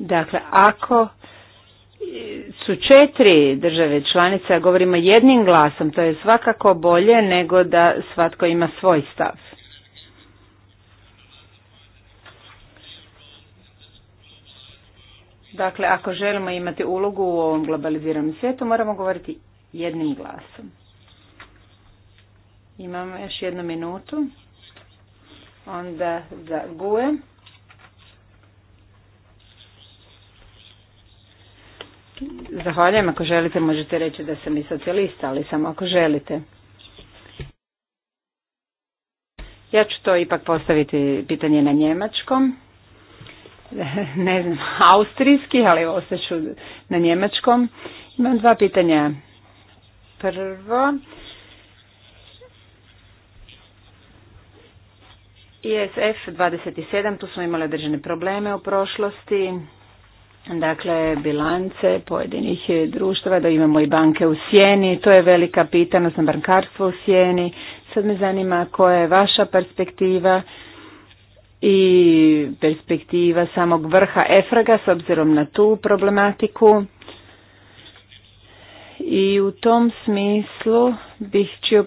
Dakle, ako su četiri države članice, a govorimo jednim glasom, to je svakako bolje nego da svatko ima svoj stav. Dakle, ako želimo imati ulogu u ovom globaliziranom svijetu, moramo govoriti jednim glasom. Imamo još jednu minutu. Onda za GUE. Zahvaljujem. Ako želite možete reći da sam i socijalista, ali samo ako želite. Ja ću to ipak postaviti pitanje na njemačkom. Ne znam, austrijski, ali ostaću na njemačkom. Imam dva pitanja. Prvo, ISF 27, tu smo imali određene probleme u prošlosti dakle bilance pojedinih društava, da imamo i banke u sjeni, to je velika pitanost na bankarstvo u sjeni. Sad me zanima koja je vaša perspektiva i perspektiva samog vrha Efraga s obzirom na tu problematiku. I u tom smislu bih ću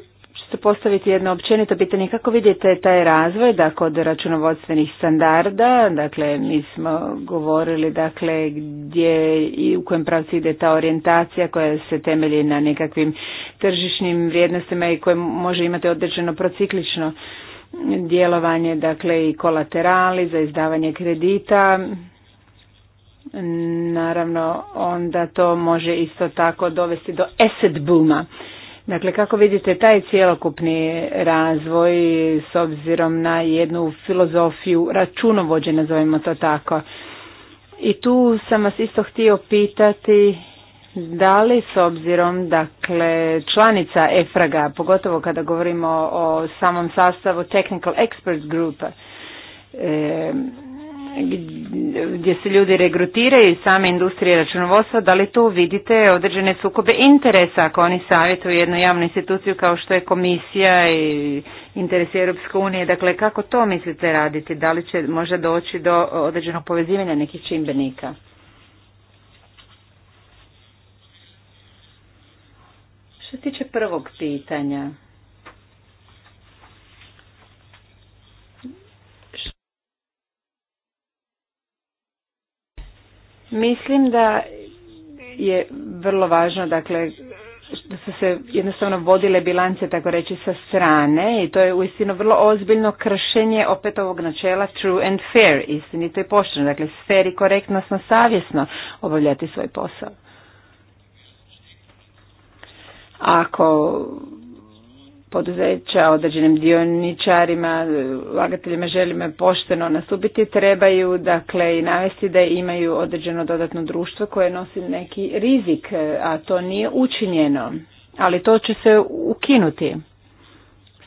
postaviti jedno općenito pitanje kako vidite taj razvoj da kod računovodstvenih standarda, dakle mi smo govorili dakle gdje i u kojem pravcu ide ta orijentacija koja se temelji na nekakvim tržišnim vrijednostima i koje može imati određeno prociklično djelovanje, dakle i kolaterali za izdavanje kredita. Naravno onda to može isto tako dovesti do asset booma. Dakle, kako vidite taj cjelokupni razvoj s obzirom na jednu filozofiju računovođe, nazovimo to tako. I tu sam vas isto htio pitati da li s obzirom dakle članica EFRAGA, pogotovo kada govorimo o samom sastavu Technical Experts Group. E, gdje se ljudi regrutiraju iz same industrije računovodstva, da li tu vidite određene sukobe interesa ako oni savjetuju jednu javnu instituciju kao što je komisija i interesi Europske unije, dakle kako to mislite raditi, da li će možda doći do određenog povezivanja nekih čimbenika? Što se tiče prvog pitanja, Mislim da je vrlo važno, dakle, da su se jednostavno vodile bilance, tako reći, sa strane i to je uistinu vrlo ozbiljno kršenje opet ovog načela true and fair, istinito i pošteno, dakle, sfer i korektnostno, savjesno obavljati svoj posao. Ako poduzeća, određenim dioničarima, lagateljima želimo pošteno nastupiti, trebaju dakle i navesti da imaju određeno dodatno društvo koje nosi neki rizik, e, a to nije učinjeno, ali to će se ukinuti.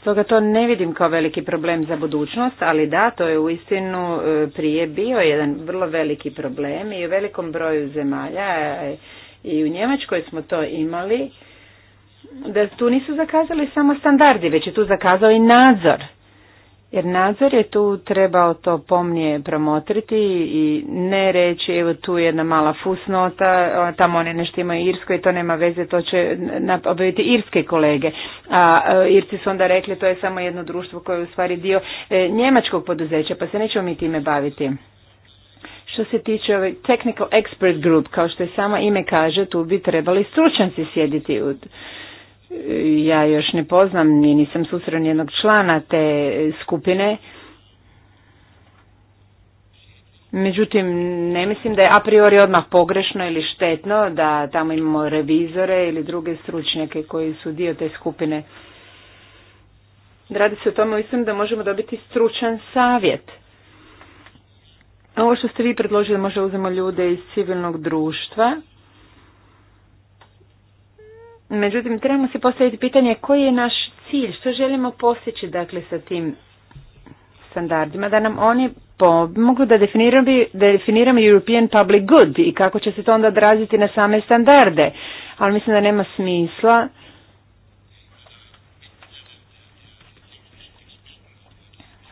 Stoga to ne vidim kao veliki problem za budućnost, ali da, to je uistinu e, prije bio jedan vrlo veliki problem i u velikom broju zemalja e, i u Njemačkoj smo to imali da tu nisu zakazali samo standardi, već je tu zakazao i nadzor. Jer nadzor je tu trebao to pomnije promotriti i ne reći evo tu je jedna mala fusnota, tamo one nešto imaju Irsko i to nema veze, to će obaviti irske kolege. A Irci su onda rekli to je samo jedno društvo koje je u stvari dio e, njemačkog poduzeća pa se nećemo mi time baviti. Što se tiče ovaj Technical Expert Group, kao što je samo ime kaže, tu bi trebali stručnjaci sjediti u ja još ne poznam ni nisam susreo nijednog člana te skupine. Međutim, ne mislim da je a priori odmah pogrešno ili štetno da tamo imamo revizore ili druge stručnjake koji su dio te skupine. Radi se o tome mislim da možemo dobiti stručan savjet. Ovo što ste vi predložili možda uzemo ljude iz civilnog društva Međutim, trebamo se postaviti pitanje koji je naš cilj, što želimo postići dakle sa tim standardima, da nam oni mogu da definiramo, da definiramo European Public Good i kako će se to onda odraziti na same standarde. Ali mislim da nema smisla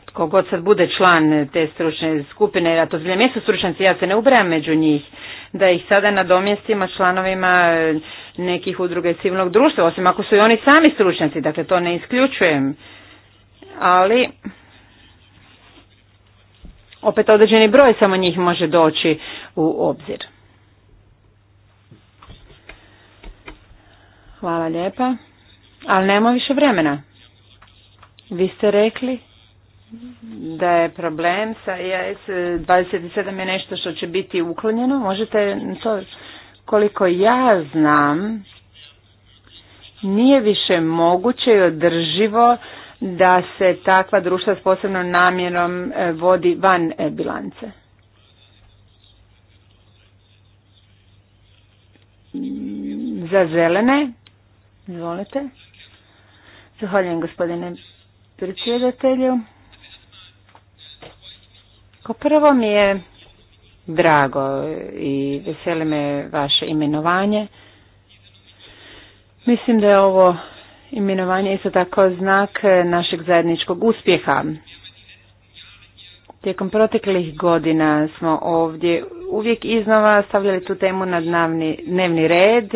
tko god sad bude član te stručne skupine, a to jesu stručnjaci, ja se ne ubrajam među njih, da ih sada nadomjestimo članovima nekih udruga civilnog društva, osim ako su i oni sami stručnjaci, dakle to ne isključujem. Ali opet određeni broj samo njih može doći u obzir. Hvala lijepa. Ali nema više vremena. Vi ste rekli da je problem sa IAS 27 je nešto što će biti uklonjeno. Možete to koliko ja znam, nije više moguće i održivo da se takva društva s posebnom namjerom e, vodi van e, bilance. Mm, za zelene, izvolite. Zahvaljujem gospodine predsjedatelju. Ko prvo mi je drago i veseli me vaše imenovanje. Mislim da je ovo imenovanje isto tako znak našeg zajedničkog uspjeha. Tijekom proteklih godina smo ovdje uvijek iznova stavljali tu temu na dnevni, dnevni red,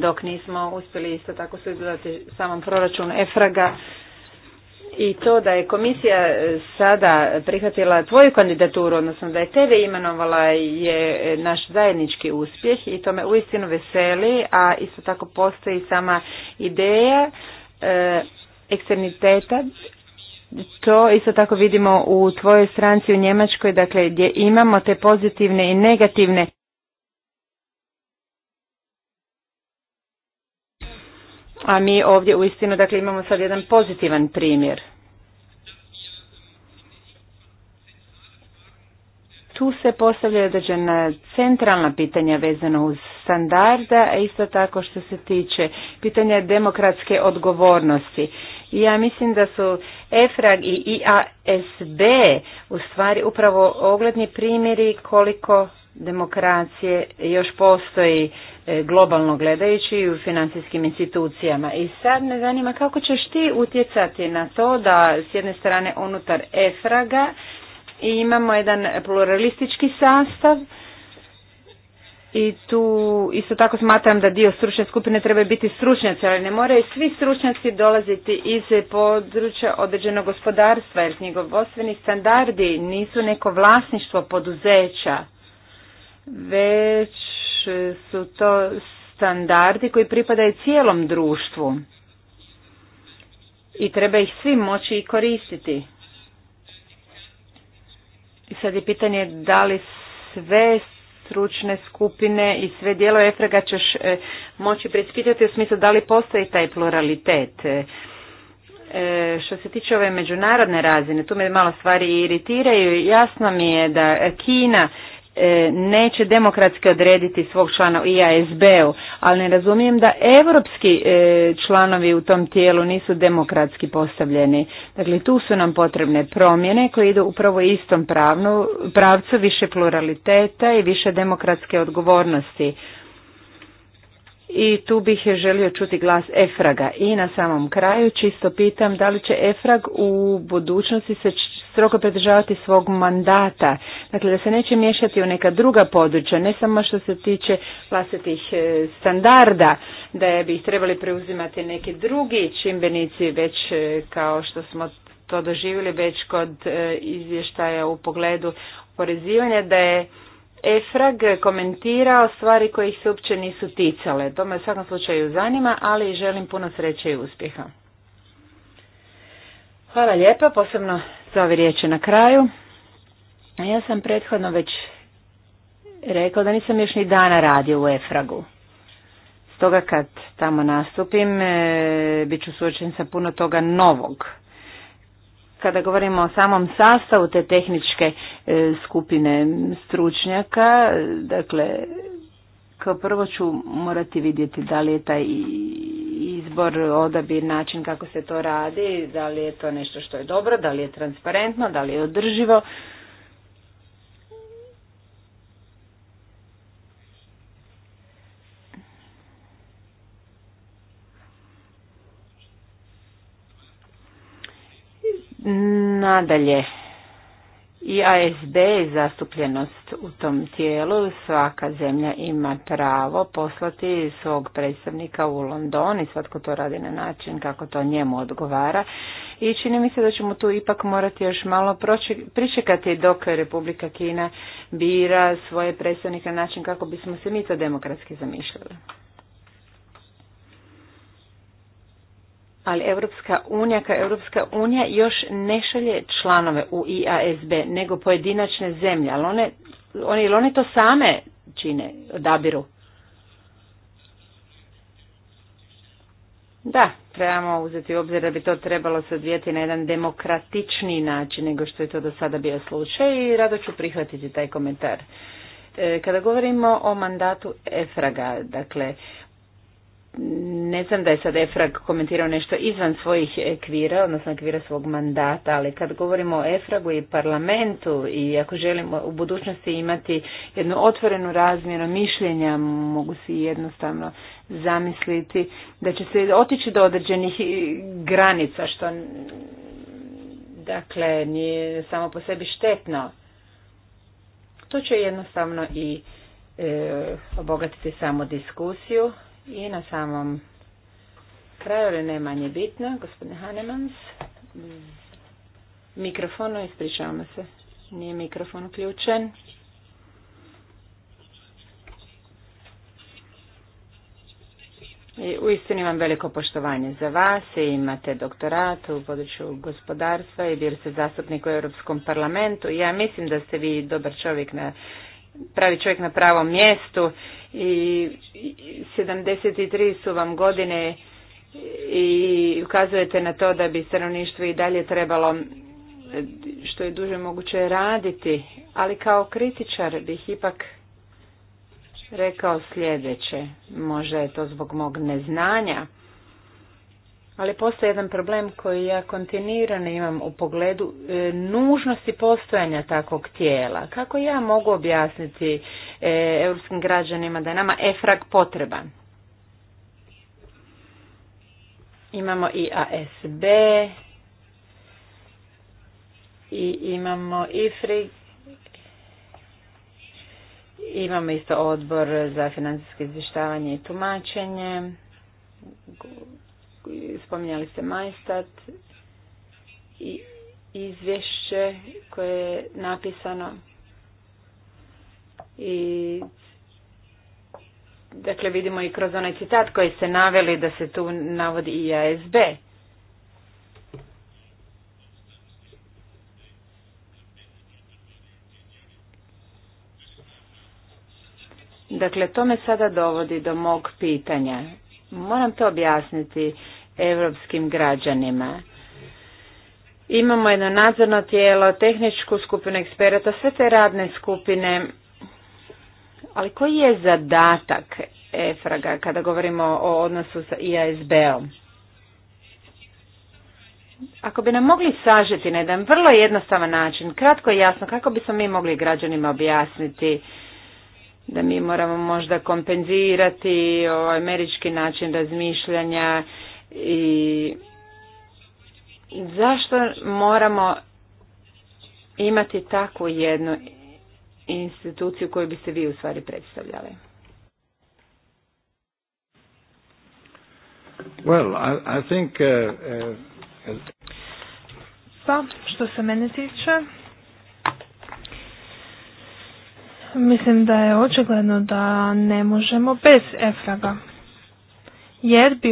dok nismo uspjeli isto tako sudjelovati samom proračunu Efraga i to da je komisija e, sada prihvatila tvoju kandidaturu, odnosno da je tebe imenovala je e, naš zajednički uspjeh i to me uistinu veseli, a isto tako postoji sama ideja e, eksterniteta. To isto tako vidimo u tvojoj stranci u Njemačkoj, dakle gdje imamo te pozitivne i negativne a mi ovdje uistinu dakle imamo sad jedan pozitivan primjer. Tu se postavlja određena centralna pitanja vezana uz standarda, a isto tako što se tiče pitanja demokratske odgovornosti. Ja mislim da su EFRAG i IASB u stvari upravo ogledni primjeri koliko demokracije još postoji e, globalno gledajući u financijskim institucijama. I sad me zanima kako ćeš ti utjecati na to da s jedne strane unutar EFRAGA imamo jedan pluralistički sastav i tu isto tako smatram da dio stručne skupine treba biti stručnjaci, ali ne moraju svi stručnjaci dolaziti iz područja određenog gospodarstva, jer osveni standardi nisu neko vlasništvo poduzeća već su to standardi koji pripadaju cijelom društvu i treba ih svi moći i koristiti. I sad je pitanje da li sve stručne skupine i sve dijelo Efraga ćeš e, moći preispitati u smislu da li postoji taj pluralitet. E, što se tiče ove međunarodne razine, tu me malo stvari iritiraju. Jasno mi je da Kina E, neće demokratski odrediti svog člana u IASB-u, ali ne razumijem da europski e, članovi u tom tijelu nisu demokratski postavljeni. Dakle, tu su nam potrebne promjene koje idu upravo istom pravnu, pravcu više pluraliteta i više demokratske odgovornosti. I tu bih želio čuti glas Efraga. I na samom kraju čisto pitam da li će Efrag u budućnosti se stroko pridržavati svog mandata Dakle, da se neće miješati u neka druga područja, ne samo što se tiče vlastitih e, standarda, da bi ih trebali preuzimati neki drugi čimbenici, već e, kao što smo to doživjeli već kod e, izvještaja u pogledu porezivanja, da je Efrag komentirao stvari kojih se uopće nisu ticale. To me u svakom slučaju zanima, ali želim puno sreće i uspjeha. Hvala lijepa, posebno za ove riječi na kraju. Ja sam prethodno već rekao da nisam još ni dana radio u Efragu. Stoga kad tamo nastupim, e, bit ću suočen sa puno toga novog. Kada govorimo o samom sastavu te tehničke e, skupine stručnjaka, dakle, kao prvo ću morati vidjeti da li je taj izbor, odabir, način kako se to radi, da li je to nešto što je dobro, da li je transparentno, da li je održivo, Nadalje, i ASB je zastupljenost u tom tijelu. Svaka zemlja ima pravo poslati svog predstavnika u London i svatko to radi na način kako to njemu odgovara. I čini mi se da ćemo tu ipak morati još malo pričekati dok Republika Kina bira svoje predstavnike na način kako bismo se mi to demokratski zamišljali. ali Europska unija kao Europska unija još ne šalje članove u IASB nego pojedinačne zemlje, ali one, one, to same čine, odabiru. Da, trebamo uzeti u obzir da bi to trebalo se odvijeti na jedan demokratičniji način nego što je to do sada bio slučaj i rado ću prihvatiti taj komentar. E, kada govorimo o mandatu EFRAGA, dakle, ne znam da je sad Efrag komentirao nešto izvan svojih ekvira, odnosno ekvira svog mandata, ali kad govorimo o Efragu i parlamentu i ako želimo u budućnosti imati jednu otvorenu razmjenu mišljenja, mogu si jednostavno zamisliti da će se otići do određenih granica, što dakle nije samo po sebi štetno. To će jednostavno i e, obogatiti samo diskusiju, i na samom kraju, ali ne manje bitno, gospodine Hanemans, mikrofonu, ispričavamo se, nije mikrofon uključen. I uistinu imam veliko poštovanje za vas i imate doktorat u području gospodarstva i bili ste zastupnik u Europskom parlamentu. Ja mislim da ste vi dobar čovjek na pravi čovjek na pravom mjestu i 73 su vam godine i ukazujete na to da bi stanovništvo i dalje trebalo što je duže moguće raditi, ali kao kritičar bih ipak rekao sljedeće. Možda je to zbog mog neznanja, ali postoji jedan problem koji ja kontinuirano imam u pogledu e, nužnosti postojanja takvog tijela. Kako ja mogu objasniti e, europskim građanima da je nama EFRAG potreban? Imamo i ASB i imamo IFRIG Imamo isto odbor za financijske izvještavanje i tumačenje spominjali ste Majstat i izvješće koje je napisano i dakle vidimo i kroz onaj citat koji ste naveli da se tu navodi i ASB. Dakle, to me sada dovodi do mog pitanja. Moram to objasniti europskim građanima. Imamo jedno nadzorno tijelo, tehničku skupinu eksperata, sve te radne skupine. Ali koji je zadatak EFRAGA kada govorimo o odnosu sa IASB-om? Ako bi nam mogli sažeti na jedan vrlo jednostavan način, kratko i jasno, kako bismo mi mogli građanima objasniti da mi moramo možda kompenzirati o ovaj, američki način razmišljanja i zašto moramo imati takvu jednu instituciju koju bi se vi u stvari predstavljali? Well, I, I think, uh, uh, Pa, što se mene tiče, mislim da je očigledno da ne možemo bez efraga jer bi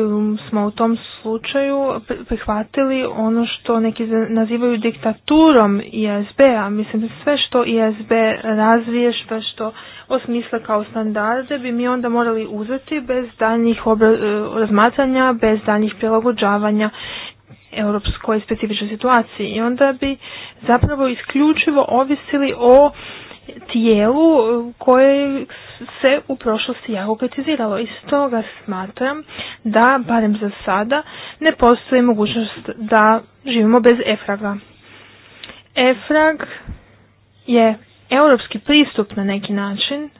smo u tom slučaju prihvatili ono što neki nazivaju diktaturom ISB-a. Mislim da sve što ISB razvije, sve što osmisle kao standarde bi mi onda morali uzeti bez daljnjih e, razmatranja, bez daljnjih prilagođavanja europskoj specifičnoj situaciji i onda bi zapravo isključivo ovisili o tijelu koje se u prošlosti jako kritiziralo. I stoga smatram da, barem za sada, ne postoji mogućnost da živimo bez EFRAGA. EFRAG je europski pristup na neki način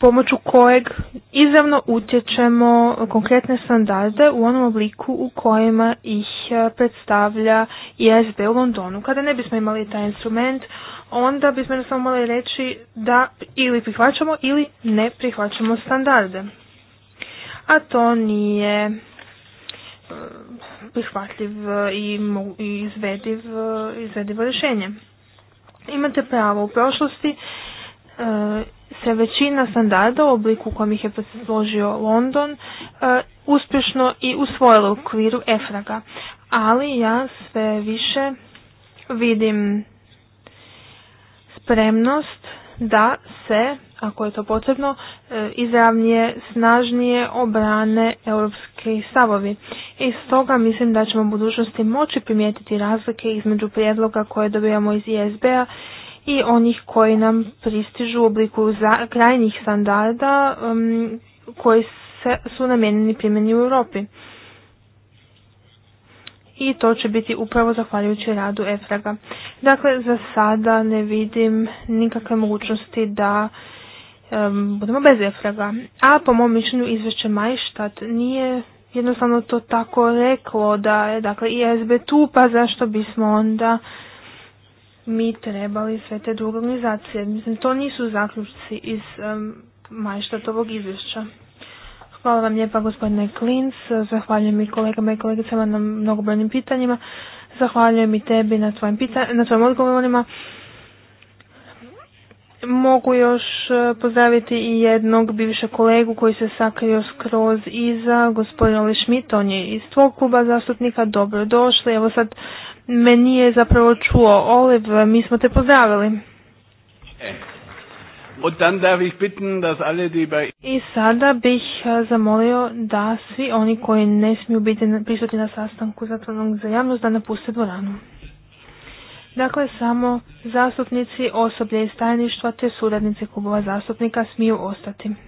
pomoću kojeg izravno utječemo konkretne standarde u onom obliku u kojima ih e, predstavlja ISB u Londonu. Kada ne bismo imali taj instrument, onda bismo jednostavno mali reći da ili prihvaćamo ili ne prihvaćamo standarde. A to nije e, prihvatljiv e, i izvediv, izvedivo rješenje. Imate pravo u prošlosti se većina standarda u obliku u kojem ih je posložio London e, uspješno i usvojila u okviru EFRAGA. Ali ja sve više vidim spremnost da se, ako je to potrebno, e, izravnije, snažnije obrane europski stavovi. I stoga mislim da ćemo u budućnosti moći primijetiti razlike između prijedloga koje dobijamo iz ISB-a i onih koji nam pristižu u obliku za, krajnjih standarda um, koji se, su namijenjeni primjeni u Europi. I to će biti upravo zahvaljujući radu EFRAGA. Dakle, za sada ne vidim nikakve mogućnosti da um, budemo bez EFRAGA. A po mom mišljenju izvješće Majštat nije jednostavno to tako reklo da je dakle, ISB tu, pa zašto bismo onda mi trebali sve te druge organizacije. Mislim, to nisu zaključci iz um, majštatovog izvješća. Hvala vam lijepa gospodine Klins. zahvaljujem i kolegama i kolegicama na mnogobrojnim pitanjima, zahvaljujem i tebi na tvojim, tvojim odgovorima. Mogu još e, pozdraviti i jednog bivšeg kolegu koji se sakrio skroz iza, gospodin Ole Schmidt, on je iz tvog kluba zastupnika, dobrodošli. Evo sad me nije zapravo čuo. oliv, mi smo te pozdravili. I sada bih e, zamolio da svi oni koji ne smiju biti prisutni na sastanku zatvornog za javnost da napuste dvoranu. Dakle, samo zastupnici, osoblje iz tajništva te suradnice klubova zastupnika smiju ostati.